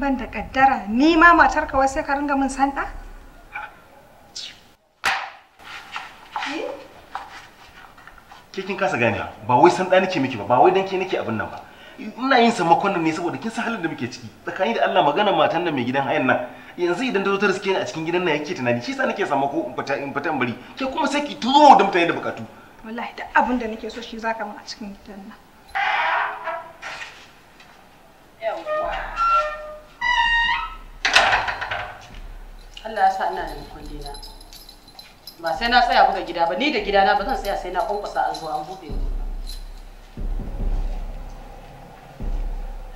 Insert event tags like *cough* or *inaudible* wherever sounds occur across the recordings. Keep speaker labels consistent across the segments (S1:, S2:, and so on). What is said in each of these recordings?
S1: ban da kaddara ni ma matar ka sai ka ringa min sanda
S2: ke kin kasa gane ba wai sanda nake miki ba ba wai dan ke nake abin nan ba ina yin sa makon ne saboda kin san halin da muke ciki tsakani da Allah magana matan nan mai gidan hayan nan yanzu idan da zo ta riske a cikin gidan nan yake tunani shi sa nake sa mako in fita in fita bari ke kuma sai ki tuzo da mutane da bukatu
S1: wallahi duk abin da nake so shi zaka min a cikin gidan nan
S3: Allah ya sa ina da na ba sai na tsaya buga gida ba ni da gidana ba zan tsaya sai na kwankwasa an zo an bude ni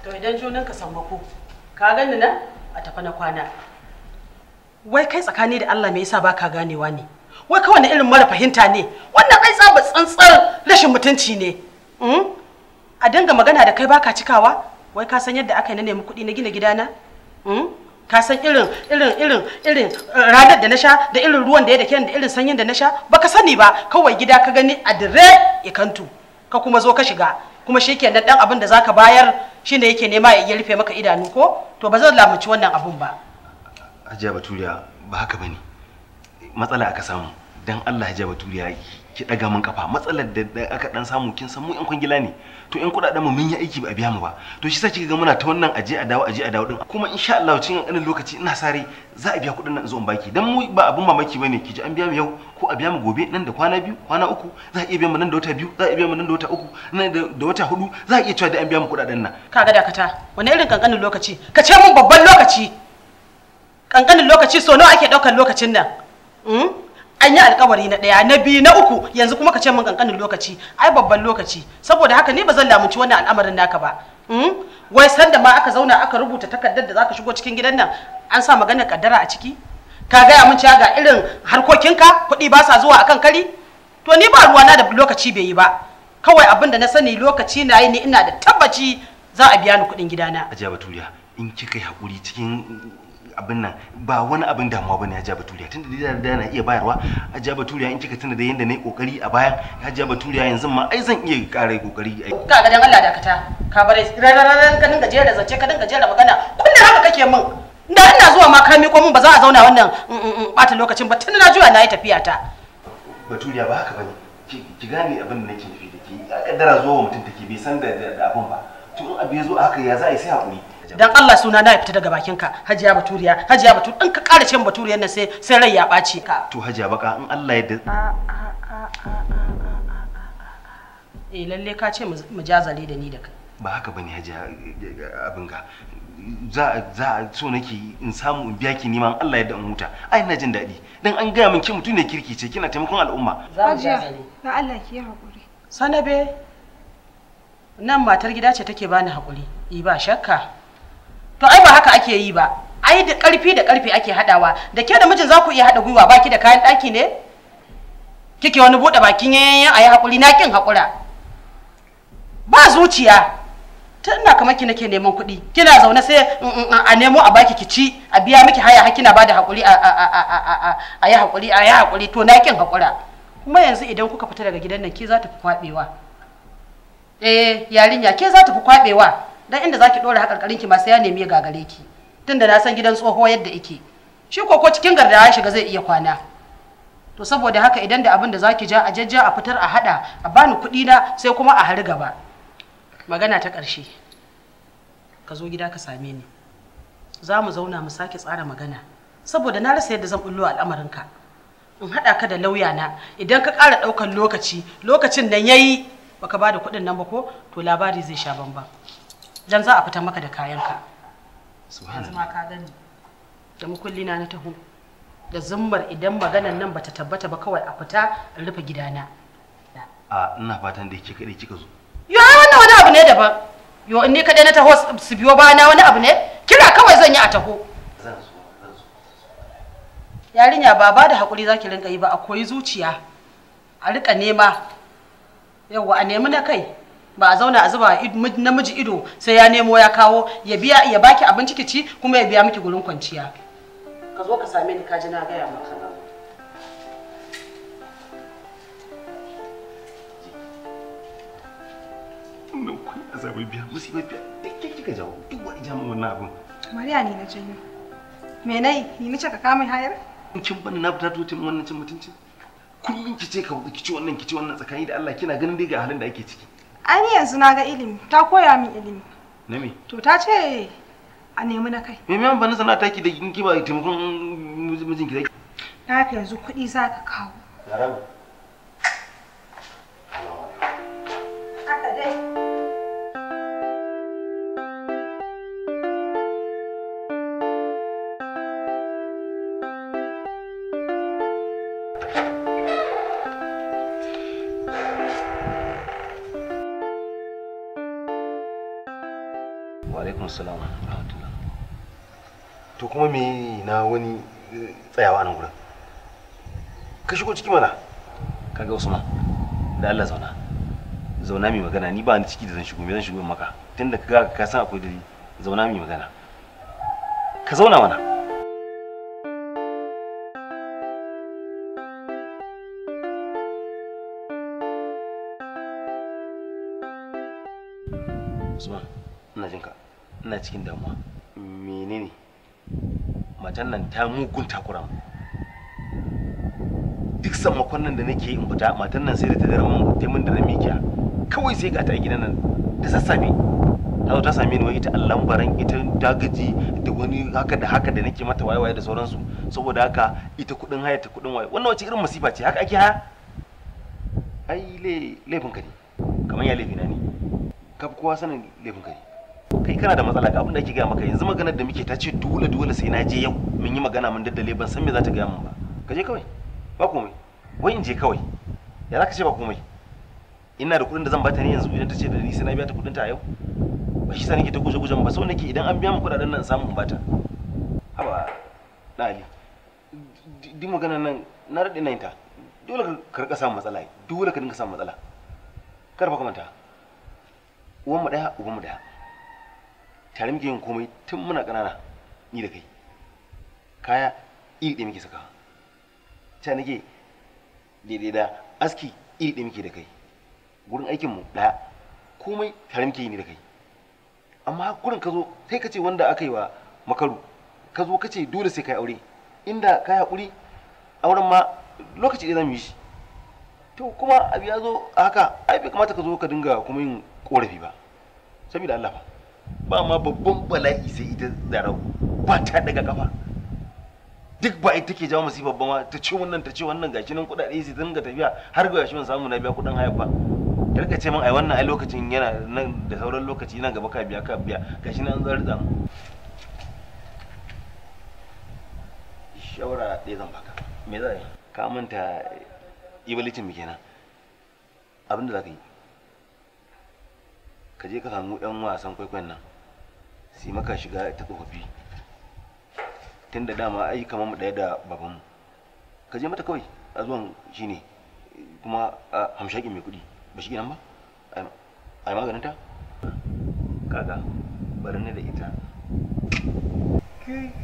S3: to idan junanka ka sammako ka gani na a tafi na kwana wai kai tsakani da Allah me yasa baka ganewa ne wai kawai wani irin mara fahimta ne wannan kai tsaba tsantsar rashin mutunci ne hmm? a dinga magana da kai baka cikawa wai ka san yadda aka na nemi kuɗi na gina gidana hmm? ka san irin irin irin irin eh, ranar da na sha da irin ruwan da ya dake da irin sanyin da na sha baka sani ba kawai gida ka gani a dire ikantu ka kuma zo ka shiga kuma shi shikenan dan abin da zaka bayar shine yake nema ya rufe maka idanu ko to ba zan lamunci wannan abun ba
S2: ajiya baturiya ba haka bane matsala aka samu dan Allah Hajiya turiya ki daga mun kafa matsalar da aka dan samu kin san mu yan kwangila ne to yan kudaden mu mun yi aiki ba a biya mu ba to shi sa kika ga muna ta wannan aje a dawo aje a dawo din kuma insha Allah cikin ɗan lokaci ina sare za a biya kudin nan zo in baki dan mu ba abun mamaki bane ki ji an biya mu yau ko a biya mu gobe nan da kwana biyu kwana uku za a iya biya mu nan da wata biyu za a iya biya mu nan da wata uku nan da wata hudu za a iya cewa da an biya mu kudaden
S3: nan kaga ta wani irin kankanin lokaci ka ce mun babban lokaci kankanin lokaci so nawa ake daukar lokacin nan hmm? an yi alkawari na ɗaya na biyu na uku yanzu kuma ka ce min kankanin lokaci ai babban lokaci saboda haka ni ba zan lamunci wannan al'amarin naka ba hmm? wai sanda ma aka zauna aka rubuta takardar da zaka shigo cikin gidan nan an sa maganar kaddara a ciki ka gaya min cewa ga irin harkokinka kuɗi ba sa zuwa akan kari to ni ba ruwana da lokaci bai yi ba kawai abin da na sani lokaci na yi ni ina da tabbaci za a biya ni kuɗin gidana.
S2: Ajiya Baturiya in kika yi hakuri cikin abin nan ba wani abin damuwa bane Hajiya Baturiya tunda da da na iya bayarwa Hajiya Baturiya in kika tunda da yanda nayi kokari a baya Hajiya Baturiya yanzu ma ai zan iya ƙara kokari ai ka
S3: ga dan Allah dakata ka bare rarararan ka dinga jera zance ka dinga jera magana kullum haka kake min da ina zuwa ma ka miko min ba za a zauna wannan bata mm, mm, mm, lokacin ba tunda na juya na yi tafiya ta
S2: Baturiya ba haka bane ki gane abin da nake nufi da ke a kaddara zuwa mutum take bai san da abin ba to in
S3: abu ya zo haka ya za a yi sai hakuri dan Allah suna na ya fita daga bakin ka hajiya baturiya hajiya batu in ka ƙara cin baturiyar nan sai sai rai ya ɓaci ka
S2: to hajiya baka in Allah ya da
S3: eh lalle ka ce mu jazale da ni da kai
S2: ba haka bane hajiya abin ka za za so nake in samu in biya ki neman Allah ya da in huta ai ina jin daɗi dan an gaya min ki mutum ne kirki ce kina taimakon al'umma
S3: hajiya
S1: na Allah ki yi hakuri
S3: sanabe nan matar gida ce take bani hakuri i eh, ba shakka to ai ba haka ake yi ba ai da karfi da karfi ake hadawa da ke da mijin za ku iya haɗa gwiwa baki da kayan ɗaki ne kike wani bude bakin a ayi hakuri na kin hakura ba zuciya tun ina kamar ki nake neman kuɗi kina zaune sai a nemo a baki ki ci a biya miki haya har kina bada hakuri a yi hakuri a yi hakuri to na kin hakura kuma yanzu idan kuka fita daga gidan nan ke za ta fi kwabewa eh yarinya ke za ta fi kwaɓewa. dan inda zaki dora hakarkarin ki ma sai ya nemi ga gagare ki tunda na san gidan tsoho yadda yake shi ko cikin garda ya shiga zai iya kwana to saboda haka idan da abin da zaki ja a jajja a fitar a hada a bani kuɗi na sai kuma a hari gaba magana ta ƙarshe ka zo gida ka same ni za mu zauna mu sake tsara magana saboda na rasa yadda zan bullo ka in haɗa ka da lauya na idan ka ƙara ɗaukar lokaci lokacin nan yayi baka ba da kuɗin nan ba ko to labari zai sha bamban dan za a fita maka da kayanka yanzu ma ka gani da mukulli na na taho da zummar idan maganan nan bata tabbata ba kawai a fita in rufe gidana
S2: a ina fatan da kika dai kika zo
S3: yo ai wannan wani abu ne daban yo in ne dai na taho su biyo ba na wani abu ne kira kawai zan yi a taho zan zo zan zo yarinya ba da hakuri zaki rinka yi ba a koyi zuciya a rika nema yawa a nemi na kai ba a zauna a zuba namiji ido sai ya nemo ya kawo ya biya ya baki abinci ki ci kuma ya biya miki gurin kwanciya ka zo ka same ni ka ji na gaya maka
S2: nan kun azabai biya musibar biya duk kika jawo duk wani jamin wannan abin
S1: mariya ne na janyo me nai ni nace ka kama hayar
S2: kin bani na fita tutun wannan cin mutunci kullum kice ka kici wannan ci wannan tsakani da Allah kina ganin dai ga halin da ake ciki
S1: Ai yanzu na ga ilimi, ta koya min ilimi. Na me? To ta ce a nemi na kai.
S2: Me me ban sana taki da kin kiba taimakon mijinki zai.
S1: Na yanzu kuɗi za ka
S2: kawo. wa alaikum salam rahmatullah to kuma me na wani eh, tsayawa nan gurin ka shigo ciki mana kaga usman da Allah zauna zauna mai magana ni ba ni ciki da zan shigo me zan shigo maka tunda da ka san akwai dare zauna mai magana ka zauna mana cikin damuwa menene matan nan ta mugun takura mu duk sammakon nan da nake in fita matan nan sai da ta darman ta min da na mikiya kawai sai ga ta a gidan nan da sassafe ta zo ta same ni wai ita allan baran ita dagaji da wani haka da haka da nake mata waye-waye da sauransu saboda haka ita kudin haya ta kudin waye wannan wace irin masifa ce haka ake haya ai laifin ka ne kamar ya laifina ne ka kowa sanin laifin ka ne to kai kana da matsala ga abin da ake gaya maka yanzu maganar da muke ta ce dole dole sai na je yau mun yi magana mun daddale ban san me za ta gaya min ba ka je kawai ba komai wai in je kawai ya za ka ce ba komai ina da kuɗin da zan bata ne yanzu idan ta ce da ni sai na biya ta kuɗin ta a yau ba shi sa nake ta guje gujen ba sau nake idan an biya mu kuɗaɗen nan samu in bata haba na ali di maganar nan na raɗe na ta dole ka rika samun matsala dole ka dinga samun matsala kar fa ka manta uwanmu ɗaya ubanmu ɗaya tare muke yin komai tun muna ƙanana ni da kai kaya iri ɗaya muke saka ta nake daidai da aski iri ɗaya muke da kai gurin aikinmu ɗaya komai tare muke yi ni da kai amma gurin ka zo sai ka ce wanda aka yi wa makaru ka zo ka ce dole sai ka yi aure inda ka yi haƙuri auren ma lokaci ɗaya za mu yi shi to kuma abu ya zo haka ai bai kamata ka zo ka dinga kuma yin ƙorafi ba saboda Allah ba ba ma babban bala'i sai ita zarau ba ta daga kafa duk ba ita ke jawo musiba ba ma ta ce wannan ta ce wannan gashi nan kudade tun dinga tafiya har ga shi ban samu na biya kudin haya ba ta rika ce min ai wannan ai lokacin yana nan da sauran lokaci yana gaba ka biya ka biya gashi nan an zarza mu shawara ɗaya zan baka me za ka manta ibalitin mu kenan abinda za ka yi ka je ka samu yan wasan kwaikwayon nan su maka shiga ta tsofaffi tun da dama ai kamar mu ɗaya da babanmu ka je mata kawai a zuwan shi ne kuma a hamshakin mai kuɗi ba shi gidan ba a yi maganinta kaga bari ne da ita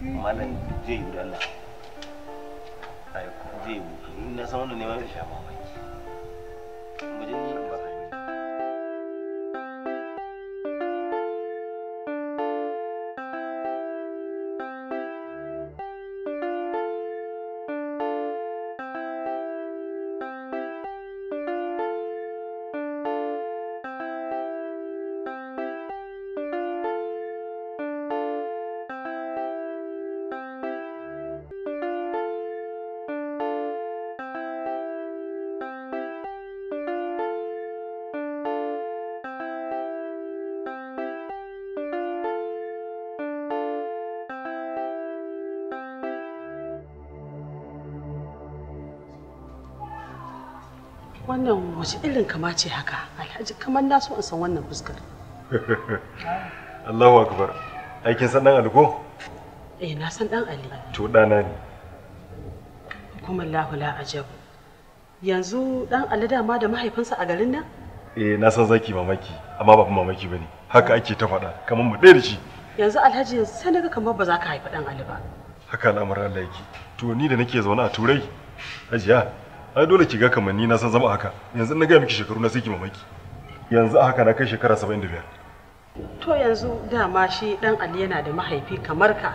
S2: malam zai yi da Allah zai yi na san wanda ne ma zai sha mamaki mu je
S3: Wannan wace irin kama ce haka? Alhaji kamar na so in san wannan fuskar. *laughs*
S4: Allahu akbar. Aikin san dan Ali ko?
S3: Eh na san dan Ali.
S4: To dana ne.
S3: Kuma Allahu la ajab. Yanzu dan Ali dama da mahaifinsa a garin nan?
S4: Eh na san zaki mamaki, amma ba mamaki bane. Haka ake ta faɗa, kamar mu ɗaya da shi.
S3: Yanzu Alhaji sai naga kamar ba za ka haifi dan Ali ba.
S4: Haka al'amarin Allah yake. To ni da nake zaune a Turai, Hajiya, ai dole ki ga kamar ni na san zama haka yanzu na ga miki shekaru na sai ki mamaki yanzu a haka na kai shekara 75
S3: to yanzu dama shi dan Ali yana da mahaifi kamar ka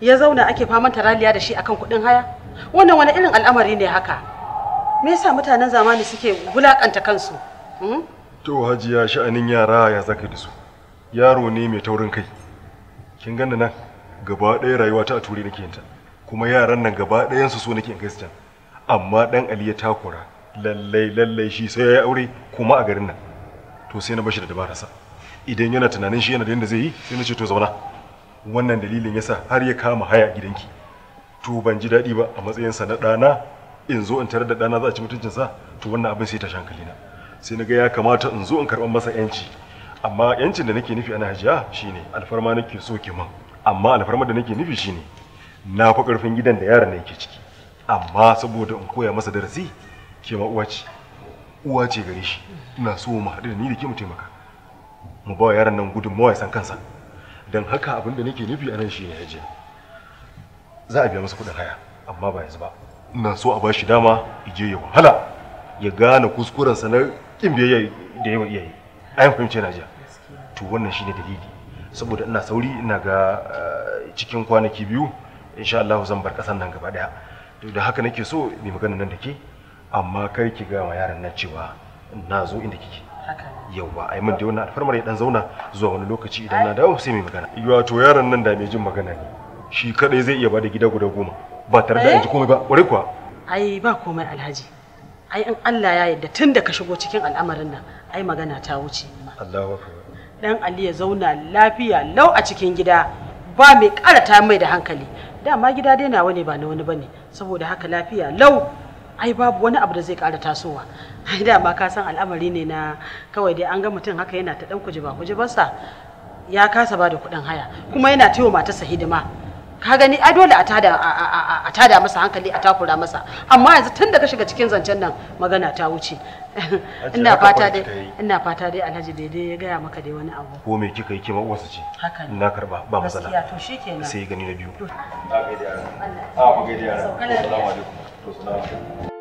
S3: ya zauna ake faman taraliya da shi akan kuɗin haya wannan wani irin al'amari ne haka me yasa mutanen zamani suke gulakanta kansu hmm?
S4: to hajiya sha'anin yara ya zaka da su yaro ne mai taurin kai kin ganna nan gaba ɗaya rayuwa ta a ture nake yanta kuma yaran nan gaba ɗayan su so nake in kai su amma ɗan ali ya takura lallai lallai shi sai ya yi aure kuma a garin nan to sai na bashi da dabararsa idan yana tunanin shi yana da yanda zai yi sai na ce to zauna wannan dalilin yasa har ya kama haya gidanki to ban ji daɗi ba a matsayinsa na ɗana in zo in tarar da ɗana za a ci mutuncinsa to wannan abin sai ta shankali na sai na ga ya kamata in zo in karɓar masa yanci amma yancin da nake nufi ana hajiya shine alfarma nake so ki mun amma alfarma da nake nufi shine na fi ƙarfin gidan da yaran yake ciki amma saboda in koya masa darasi ke ma uwa ce uwa ce gare shi ina so mu haɗu da ni da ke mu taimaka mu ba yaron nan gudun mawa san kansa don haka abin da nake nufi anan shi ne hajiya za a biya masa kuɗin haya amma ba yanzu ba ina so a ba shi dama ije ya wahala ya gane kuskurensa na kin biyayya da yawa iyaye ayan fahimci na jiya to wannan shine dalili saboda ina sauri ina ga eh, cikin kwanaki biyu insha Allah zan bar kasan nan gaba daya to da haka nake so mai magana nan da ke amma kar ki ga ma yaran nan cewa na zo inda kike yauwa ai mun dai wannan alfarmar ya dan zauna zuwa wani lokaci idan na dawo sai mai magana yawa to yaron nan da mai jin magana ne shi kadai zai iya bada gida guda goma ba tare da inji ji eh? komai ba ƙware kuwa
S3: ai ba komai alhaji ai in Allah ya yarda tun da ka shigo cikin al'amarin nan ai magana ta wuce
S4: Allahu akbar
S3: dan Ali ya zauna lafiya lau a cikin gida ba mai karata mai da hankali dama gida dai nawa ne ba na wani bane saboda haka lafiya lau ai babu wani abu da zai kara tasowa ai dama ka san al'amari ne na kawai dai an ga mutum haka yana ta ɗan kuje ba kuje basa ya kasa ba da kuɗin haya kuma yana taiwa matarsa hidima ka gani ai dole a tada a masa hankali a takura masa amma yanzu tun da ka shiga cikin zancen nan magana ta wuce ina fata dai ina fata dai Alhaji daidai ya gaya maka dai wani abu
S4: ko me kika yi kima uwarsa ce na karba ba matsala gaskiya to shikenan sai gani na biyu
S3: a
S2: ga ga yara assalamu alaikum to salamu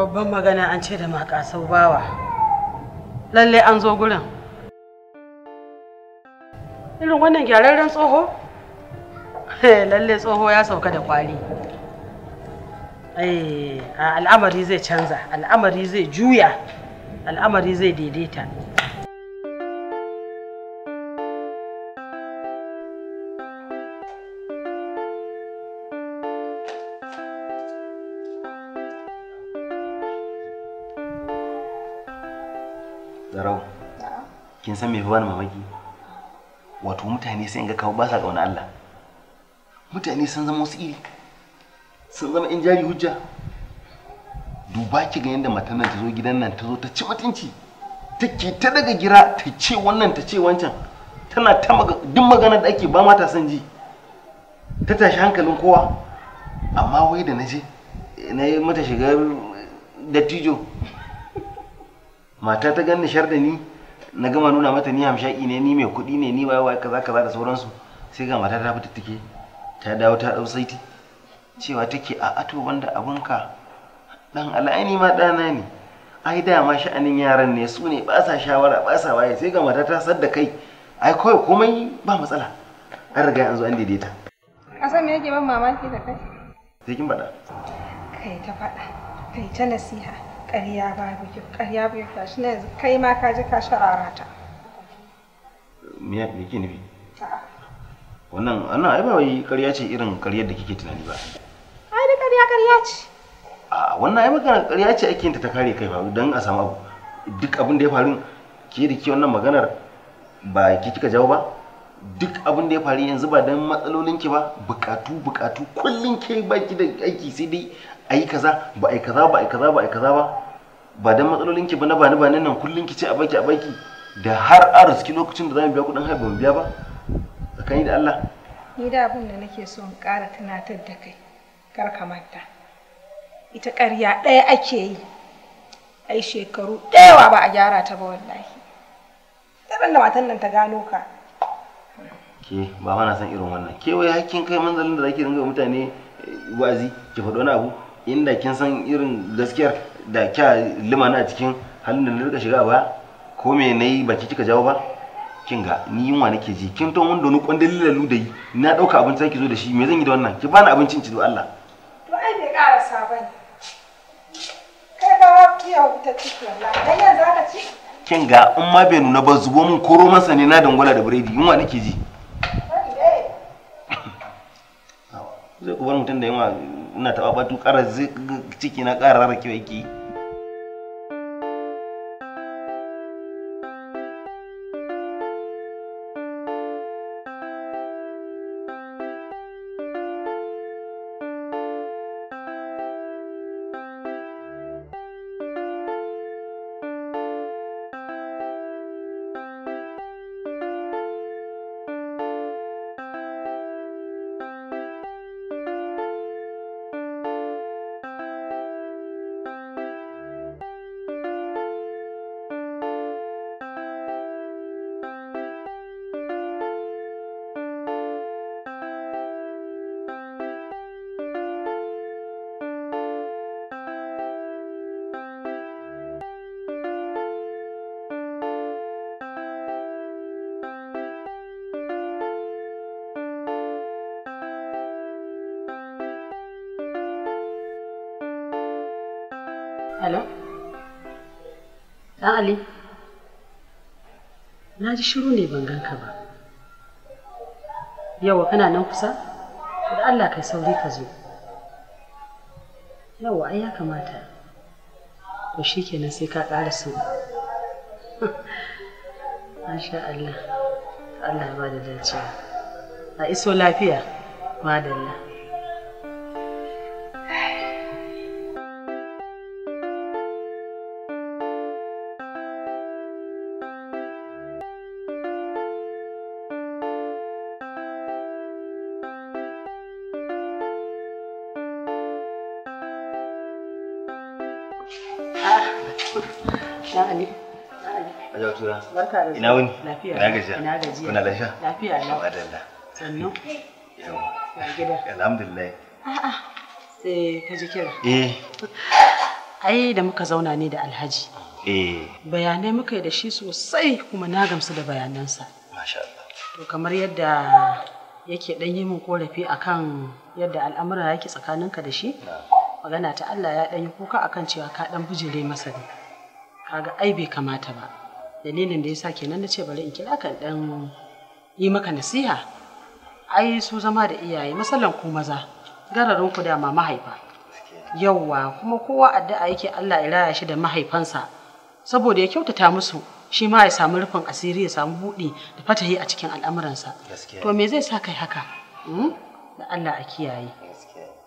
S3: babban magana an ce da makasau bawa lalle an zo gurin irin wannan gyararren tsoho eh, lalle tsoho ya sauka da kwali eh, al'amari zai canza al'amari zai juya al'amari zai daidaita
S2: kin san me fa bani mamaki wato mutane sai in ga kawo ba sa ƙauna Allah mutane sun zama wasu iri sun zama in jari hujja duba ki ga yadda matan nan ta zo gidan nan ta zo ta ci mutunci take ta daga gira ta ce wannan ta ce wancan tana ta duk magana da ake ba mata son ji ta tashi hankalin kowa amma wai da na je na yi mata shiga dattijo mata ta gan shar da ni na gama nuna mata ni hamshaki ne ni mai kuɗi ne ni waye waye kaza kaza da sauransu sai ga mata ta fita take ta dawo ta dau saiti cewa take a ato banda abunka dan al'aini ma dana ne ai da ma sha'anin yaran ne su ne ba sa shawara ba sa waye sai ga mata ta sadda kai ai kawai komai ba matsala an riga an zo an daidaita
S1: a san me yake ban mamaki da kai sai kin faɗa kai ta faɗa kai ta nasiha ƙarya babu kyau ƙarya babu kyau shi yanzu kai ma ka je ka sharara ta
S2: me me ke nufi wannan wannan ai ba wai ƙarya ce irin ƙaryar da kike tunani ba ai
S1: da ƙarya ƙarya ce
S2: a wannan ai magana ƙarya ce ake yin ta kare kai ba don a samu abu duk abin da ya faru ke da ke wannan maganar ba ke kika jawo ba duk abin da ya faru yanzu ba don matsalolin ba bukatu bukatu kullum ke ba ki da aiki sai dai ai kaza ba ai kaza ba ai kaza ba ai kaza ba ba dan matsalolin ki ba na bani bani nan kullun ki ce a baki a baki da har arziki lokacin da zamu biya kudin haihuwa mu biya ba tsakani da Allah
S1: ni da abin da nake so in ƙara tunatar da kai kar ka manta ita ƙarya ɗaya ake yi ai shekaru ɗayawa ba a gyara ta ba wallahi tsaron da matan nan ta gano ka
S2: ke ba ma na san irin wannan ke wai hakkin kai manzalin da zaki ringa mutane eh, wazi ki faɗi wani abu inda kin san irin gaskiyar da kya limana a cikin halin da na rika shiga ba ko me nayi baki kika jawo ba kin ga ni yunwa nake ji kin ton wanda ni kwandon lalu da yi na dauka abinci ki zo da shi me zan yi da wannan ki bani abincin ci do Allah
S1: to ai bai karasa ne. kai ba kiya wuta ciki wallahi dan yanzu aka ci
S2: kin ga in ma bai nuna ba zubo mun koro masa ne na dangwala da biredi yunwa nake ji zai kubar mutum da yunwa ina taɓa batu ƙara ciki na ƙara rarrakewa
S3: Hello? Ah, Ali? Na ji shiru ne ban ganka ba. Yawa kana nan kusa? Da Allah kai sauri ka zo. Yawa ai ya kamata. To shi kenan sai ka ƙara so. *laughs* Masha Allah. Allah ya ba da A iso lafiya. Madalla. Na Ali.
S2: tura. Barka da Ina wuni? Lafiya. Ina gajiya. Ina gajiya. Kuna lafiya? Lafiya
S3: Sannu. Ya gida. Alhamdulillah. A'a. Sai ka ji kira. Eh. Ai da muka zauna ne da Alhaji. Eh. Bayanai muka yi da shi sosai kuma na gamsu da bayanansa. Masha Allah. To kamar yadda yake dan yi min korafi akan yadda al'amura yake tsakaninka da shi. Magana ta Allah ya dan yi kuka akan cewa ka dan bijire masa ne. kaga ai bai kamata ba dalilin da yasa kenan na ce bari in kira kan dan yi maka nasiha ai su zama da iyaye masallan ku maza gararin ku dama mahaifa Yawa kuma kowa addu'a yake Allah ya raya shi da mahaifansa saboda ya kyautata musu shi ma ya samu rufin asiri ya samu buɗi da fatahi a cikin al'amuransa to me zai sa kai haka hmm? da Allah a kiyaye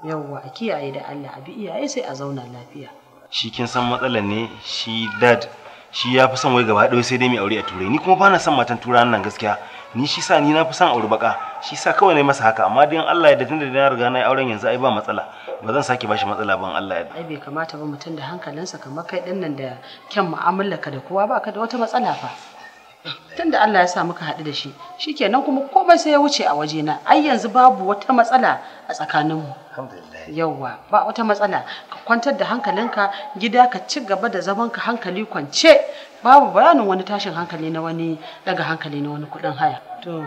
S3: Yawa a kiyaye da Allah a bi iyaye sai a zauna lafiya
S2: shi kin san matsalar ne shi dad shi ya fi son wai gaba ɗaya sai dai mai aure a turai ni kuma ba na son matan turan nan gaskiya ni shi sa ni na fi son aure baka shi sa kawai nayi masa haka amma dai Allah ya yarda da na riga na yi auren yanzu ai ba matsala ba zan sake bashi matsala ban Allah ya
S3: ai bai kamata ba mutum da hankalinsa kamar kai din nan da kyan mu'amalar ka da kowa ba ka da wata matsala fa tunda Allah ya sa muka haɗu da shi shikenan kuma komai sai ya wuce a waje na ai yanzu babu wata matsala a tsakaninmu alhamdulillah yauwa ba wata matsala ka kwantar da hankalinka gida ka ci gaba da zaman ka hankali kwance babu bayanin wani tashin hankali na wani daga hankali na wani kudin haya to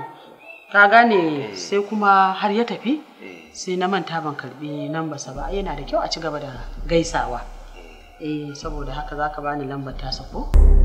S3: ka gane eh. sai kuma har ya tafi eh. sai na manta ban karbi nan ba ba yana da kyau a ci gaba da gaisawa eh, eh saboda haka zaka bani lambar ta sako